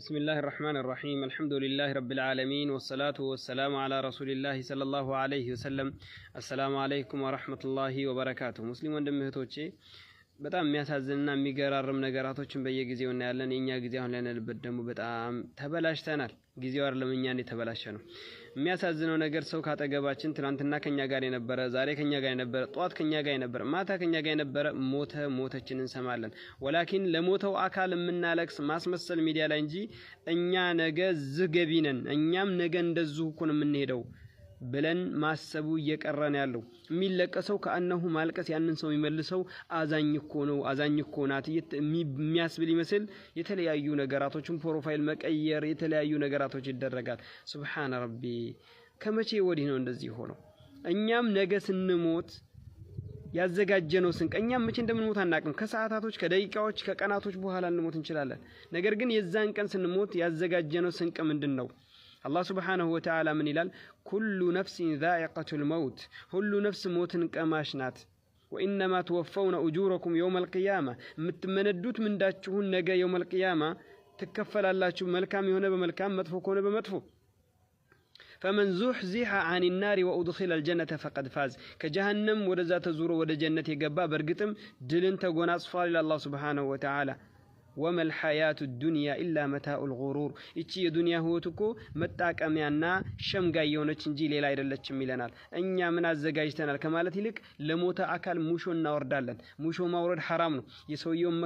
بسم الله الرحمن الرحيم الحمد لله رب العالمين والصلاة والسلام على رسول الله صلى الله عليه وسلم السلام عليكم ورحمة الله وبركاته مسلم وندم በጣም የሚያሳዝንና የሚገራርም ነገራቶችን በየጊዜው እናያለን። የእኛ ጊዜ አሁን ላይነልበት ደግሞ በጣም ተበላሽተናል። ጊዜው አይደለም እኛን የተበላሸ ነው። የሚያሳዝነው ነገር ሰው ካጠገባችን ትናንትና ከኛ ጋር የነበረ ዛሬ ከኛ ጋር የነበረ ጧት ከኛ ጋር የነበረ ማታ ከኛ ጋር የነበረ ሞተ ሞተችን እንሰማለን። ወላኪን ለሞተው አካል የምናለቅስ ማስመሰል ሚዲያ ላይ እንጂ እኛ ነገ ዝህ ገቢ ነን። እኛም ነገ እንደዚሁ እኮ ነው የምንሄደው። ብለን ማሰቡ እየቀረ ነው ያለው። የሚለቀሰው ከአነሁ ማልቀስ ያንን ሰው የሚመልሰው አዛኝ እኮ ነው አዛኝ እኮ ናት የሚያስብል ይመስል የተለያዩ ነገራቶችን ፕሮፋይል መቀየር፣ የተለያዩ ነገራቶች ይደረጋል። ሱብሓነ ረቢ፣ ከመቼ ወዲህ ነው እንደዚህ ሆነው? እኛም ነገ ስንሞት ያዘጋጀነው ስንቅ እኛም መቼ እንደምንሞት አናቅም። ከሰዓታቶች፣ ከደቂቃዎች፣ ከቀናቶች በኋላ እንሞት እንችላለን። ነገር ግን የዛን ቀን ስንሞት ያዘጋጀነው ስንቅ ምንድን ነው? الله سبحانه وتعالى من إلال كل نفس ذائقة الموت كل نفس موت كماشنات وإنما توفون أجوركم يوم القيامة متمندوت من داتشهن نجا يوم القيامة تكفل الله شو ملكامي هنا بملكام مدفو كون بمدفو فمن زحزح عن النار وأدخل الجنة فقد فاز كجهنم ورزات زور ورد جنة يقبى برقتم دلن تقونا أصفال إلى الله سبحانه وتعالى ወመል ሐያቱ ዱንያ ኢላ መታኡል ጉሩር። እቺ የዱንያ ህይወት እኮ መጣቀሚያና ሸምጋይ የሆነች እንጂ ሌላ አይደለችም ይለናል። እኛ ምን አዘጋጅተናል ከማለት ይልቅ ለሞተ አካል ሙሾ እናወርዳለን። ሙሾ ማውረድ ሐራም ነው። የሰውየውን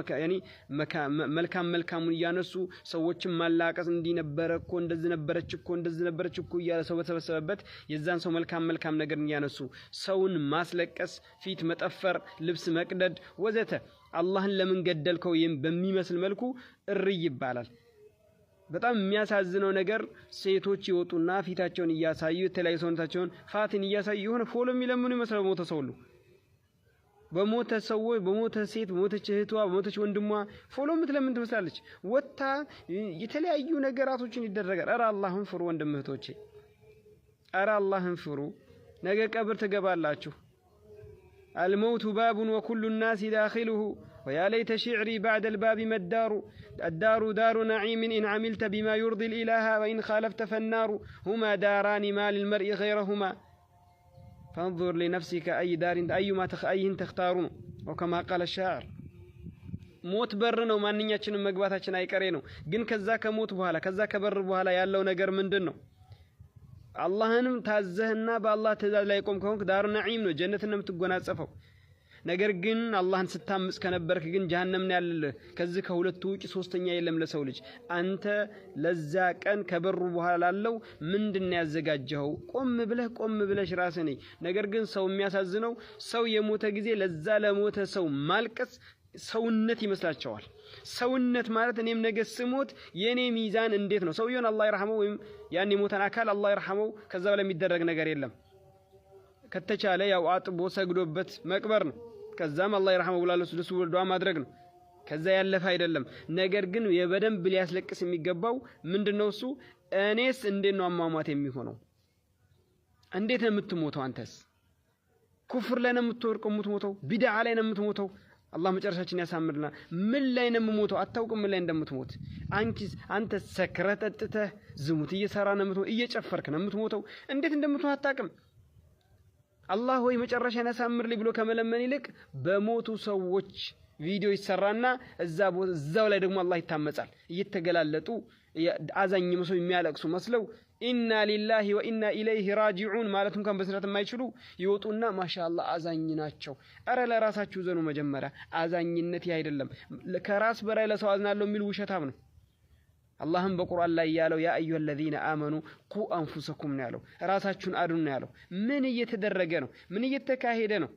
መልካም መልካሙን እያነሱ ሰዎችን ማላቀስ እንዲነበረ እኮ እንደዚህ ነበረች እኮ እንደዚህ ነበረች እኮ እያለ ሰው በተሰበሰበበት የዛን ሰው መልካም መልካም ነገር እያነሱ ሰውን ማስለቀስ፣ ፊት መጠፈር፣ ልብስ መቅደድ ወዘተ አላህን ለምን ገደልከው በሚመስል መልኩ እርይ ይባላል። በጣም የሚያሳዝነው ነገር ሴቶች ይወጡና ፊታቸውን እያሳዩ የተለያዩ ሰውነታቸውን ፋትን እያሳዩ የሆነ ፎሎ የሚለምኑ ይመስላል በሞተ ሰው ሁሉ በሞተ ሰዎች በሞተ ሴት በሞተች እህቷ በሞተች ወንድሟ ፎሎ የምትለምን ትመስላለች። ወታ የተለያዩ ነገራቶችን ይደረጋል። ኧረ አላህን ፍሩ ወንድም እህቶቼ፣ ኧረ አላህን ፍሩ። ነገ ቀብር ትገባላችሁ። الموت باب وكل الناس داخله ويا ليت شعري بعد الباب ما الدار الدار دار نعيم إن عملت بما يرضي الإله وإن خالفت فالنار هما داران ما للمرء غيرهما فانظر لنفسك أي دار أيما تخ أي تختارون وكما قال الشاعر موت برنا وما ማንኛችንም መግባታችን አይቀሬ ነው። جن ከዛ ከሞት በኋላ ከዛ ከበር በኋላ ያለው ነገር من دنو አላህንም ታዘህና በአላህ ትእዛዝ ላይ ቆም ከሆንክ ዳሩ ነዒም ነው፣ ጀነትን ነው የምትጎናጸፈው። ነገር ግን አላህን ስታምጽ ከነበርክ ግን ጀሃነም ነው ያለልህ። ከዚህ ከሁለቱ ውጭ ሶስተኛ የለም ለሰው ልጅ። አንተ ለዛ ቀን ከበሩ በኋላ ላለው ምንድን ነው ያዘጋጀኸው? ቆም ብለህ ቆም ብለሽ ራስህ ነገር ግን ሰው የሚያሳዝነው ሰው የሞተ ጊዜ ለዛ ለሞተ ሰው ማልቀስ ሰውነት ይመስላቸዋል። ሰውነት ማለት እኔም ነገ ስሞት የእኔ ሚዛን እንዴት ነው? ሰውየውን አላህ ይርሐመው ወይም ያን የሞተን አካል አላህ ይርሐመው፣ ከዛ በላይ የሚደረግ ነገር የለም። ከተቻለ ያው አጥቦ ሰግዶበት መቅበር ነው። ከዛም አላህ ይርሐመው ብላ ለሱ ዱዓ ማድረግ ነው። ከዛ ያለፈ አይደለም። ነገር ግን በደንብ ሊያስለቅስ የሚገባው ምንድን ነው? እሱ እኔስ እንዴት ነው አሟሟት የሚሆነው? እንዴት ነው የምትሞተው? አንተስ ኩፍር ላይ ነው የምትወርቀው የምትሞተው? ቢድዓ ላይ ነው የምትሞተው? አላህ መጨረሻችን ያሳምርና ምን ላይ ነው የምሞተው? አታውቅም ምን ላይ እንደምትሞት አንቺስ። አንተ ሰክረህ ጠጥተህ ዝሙት እየሰራ ነው የምትሞተው፣ እየጨፈርክ ነው የምትሞተው። እንዴት እንደምትሞት አታውቅም። አላህ ወይ መጨረሻን ያሳምርልኝ ብሎ ከመለመን ይልቅ በሞቱ ሰዎች ቪዲዮ ይሰራና እዛው ላይ ደግሞ አላህ ይታመጻል። እየተገላለጡ አዛኝ መስሎ የሚያለቅሱ መስለው ኢና ሊላሂ ወኢና ኢለይህ ራጂዑን ማለት እንኳን በስራት የማይችሉ ይወጡና ማሻላ አዛኝ ናቸው። እረ ለራሳችሁ ዘኑ። መጀመሪያ አዛኝነት ይህ አይደለም። ከራስ በላይ ለሰው አዝናለሁ የሚል ውሸታም ነው። አላህም በቁርአን ላይ ያለው ያ አዩሃ አለዚነ አመኑ ቁ አንፉሰኩም ነው ያለው። ራሳችሁን አድኑ ነው ያለው። ምን እየተደረገ ነው? ምን እየተካሄደ ነው?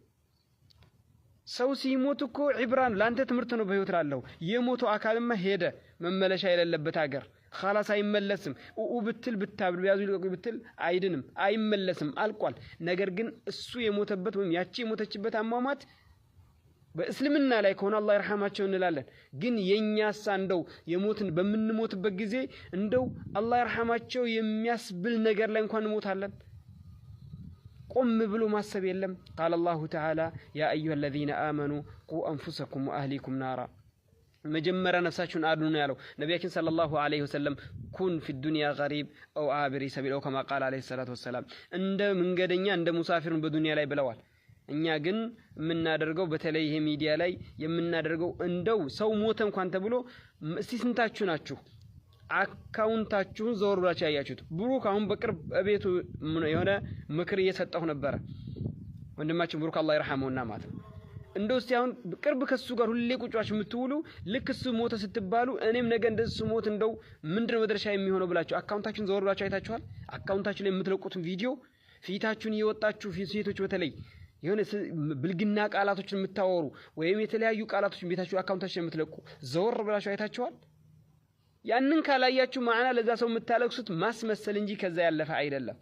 ሰው ሲሞት እኮ ዒብራን ለአንተ ትምህርት ነው። በህይወት ላለው የሞቱ አካልማ ሄደ መመለሻ የሌለበት ሀገር ኻላስ አይመለስም። ኡኡ ብትል ብታብል ቢያዙ ይልቀቁ ብትል አይድንም፣ አይመለስም፣ አልቋል። ነገር ግን እሱ የሞተበት ወይም ያቺ የሞተችበት አሟሟት በእስልምና ላይ ከሆነ አላህ ይርሐማቸው እንላለን። ግን የእኛሳ እንደው የሞትን በምንሞትበት ጊዜ እንደው አላህ ይርሐማቸው የሚያስብል ነገር ላይ እንኳን እንሞታለን። ቆም ብሎ ማሰብ የለም። ቃለ አላሁ ተዓላ ያ አዩሃ አለዚነ አመኑ ቁ አንፉሰኩም ወአህሊኩም ናራ መጀመሪያ ነፍሳችሁን አድኑ ነው ያለው ነቢያችን ሰለላሁ ዐለይሂ ወሰለም። ኩን ፊ ዱንያ ገሪብ አው አብሪ ሰቢል ከማ ቃል ዐለይሂ ሰላቱ ወሰላም እንደ መንገደኛ እንደ ሙሳፊሩን በዱንያ ላይ ብለዋል። እኛ ግን የምናደርገው በተለይ ይሄ ሚዲያ ላይ የምናደርገው እንደው ሰው ሞተ እንኳን ተብሎ እስቲ ስንታችሁ ናችሁ አካውንታችሁን ዘወር ብላችሁ ያያችሁት። ብሩክ አሁን በቅርብ ቤቱ የሆነ ምክር እየሰጠሁ ነበረ፣ ወንድማችን ብሩክ አላህ ይርሐመውና ማለት ነው። እንደው እስቲ አሁን ቅርብ ከሱ ጋር ሁሌ ቁጫች የምትውሉ ልክ እሱ ሞተ ስትባሉ እኔም ነገ እንደሱ ሞት እንደው ምንድነው መድረሻ የሚሆነው ብላችሁ አካውንታችሁን ዘወር ብላችሁ አይታችኋል? አካውንታችሁ ላይ የምትለቁትን ቪዲዮ ፊታችሁን እየወጣችሁ ሴቶች በተለይ የሆነ ብልግና ቃላቶችን የምታወሩ ወይም የተለያዩ ቃላቶችን ቤታችሁ አካውንታችን የምትለቁ ዘወር ብላችሁ አይታችኋል? ያንን ካላያችሁ ማዕና ለዛ ሰው የምታለቅሱት ማስመሰል እንጂ ከዛ ያለፈ አይደለም።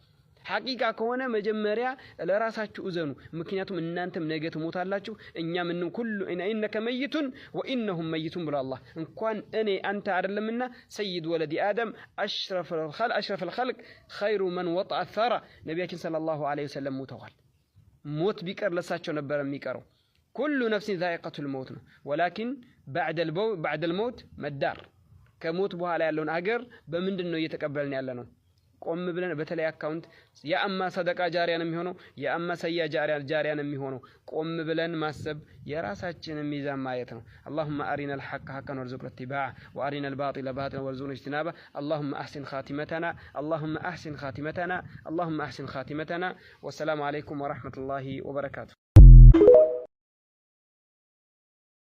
ሐቂቃ ከሆነ መጀመሪያ ለራሳችሁ እዘኑ። ምክንያቱም እናንተም ነገ ትሞታላችሁ፣ እኛም እንም ኩሉ ኢነከ መይቱን ወኢነሁም መይቱን ብሎ አላህ እንኳን እኔ አንተ አይደለምና ሰይድ ወለዲ አደም አሽረፈ ልኸልቅ ኸይሩ መን ወጣ አተራ ነቢያችን ሰለላሁ ዐለይሂ ወሰለም ሞተዋል። ሞት ቢቀር ለሳቸው ነበረ የሚቀረው። ኩሉ ነፍሲን ዛኢቀቱል መውት ነው ወላኪን ባዕደል መውት መዳር ከሞት በኋላ ያለውን አገር በምንድን ነው እየተቀበልን ያለ ነው? ቆም ብለን በተለይ አካውንት የአማ ሰደቃ ጃሪያ ነው የሚሆነው፣ የአማ ሰያ ጃሪያ ነው የሚሆነው። ቆም ብለን ማሰብ የራሳችንን ሚዛን ማየት ነው። አላሁመ አሪና ልሐቅ ሐቀን ወርዙቅና ኢትባዕ ወአሪና ልባጢለ ባጢለን ወርዙቅና እጅትናባ አላሁመ አሕሲን ኻቲመተና አላሁመ አሕሲን ኻቲመተና አላሁመ አሕሲን ኻቲመተና። ወሰላሙ አለይኩም ወረሕመቱላሂ ወበረካቱ።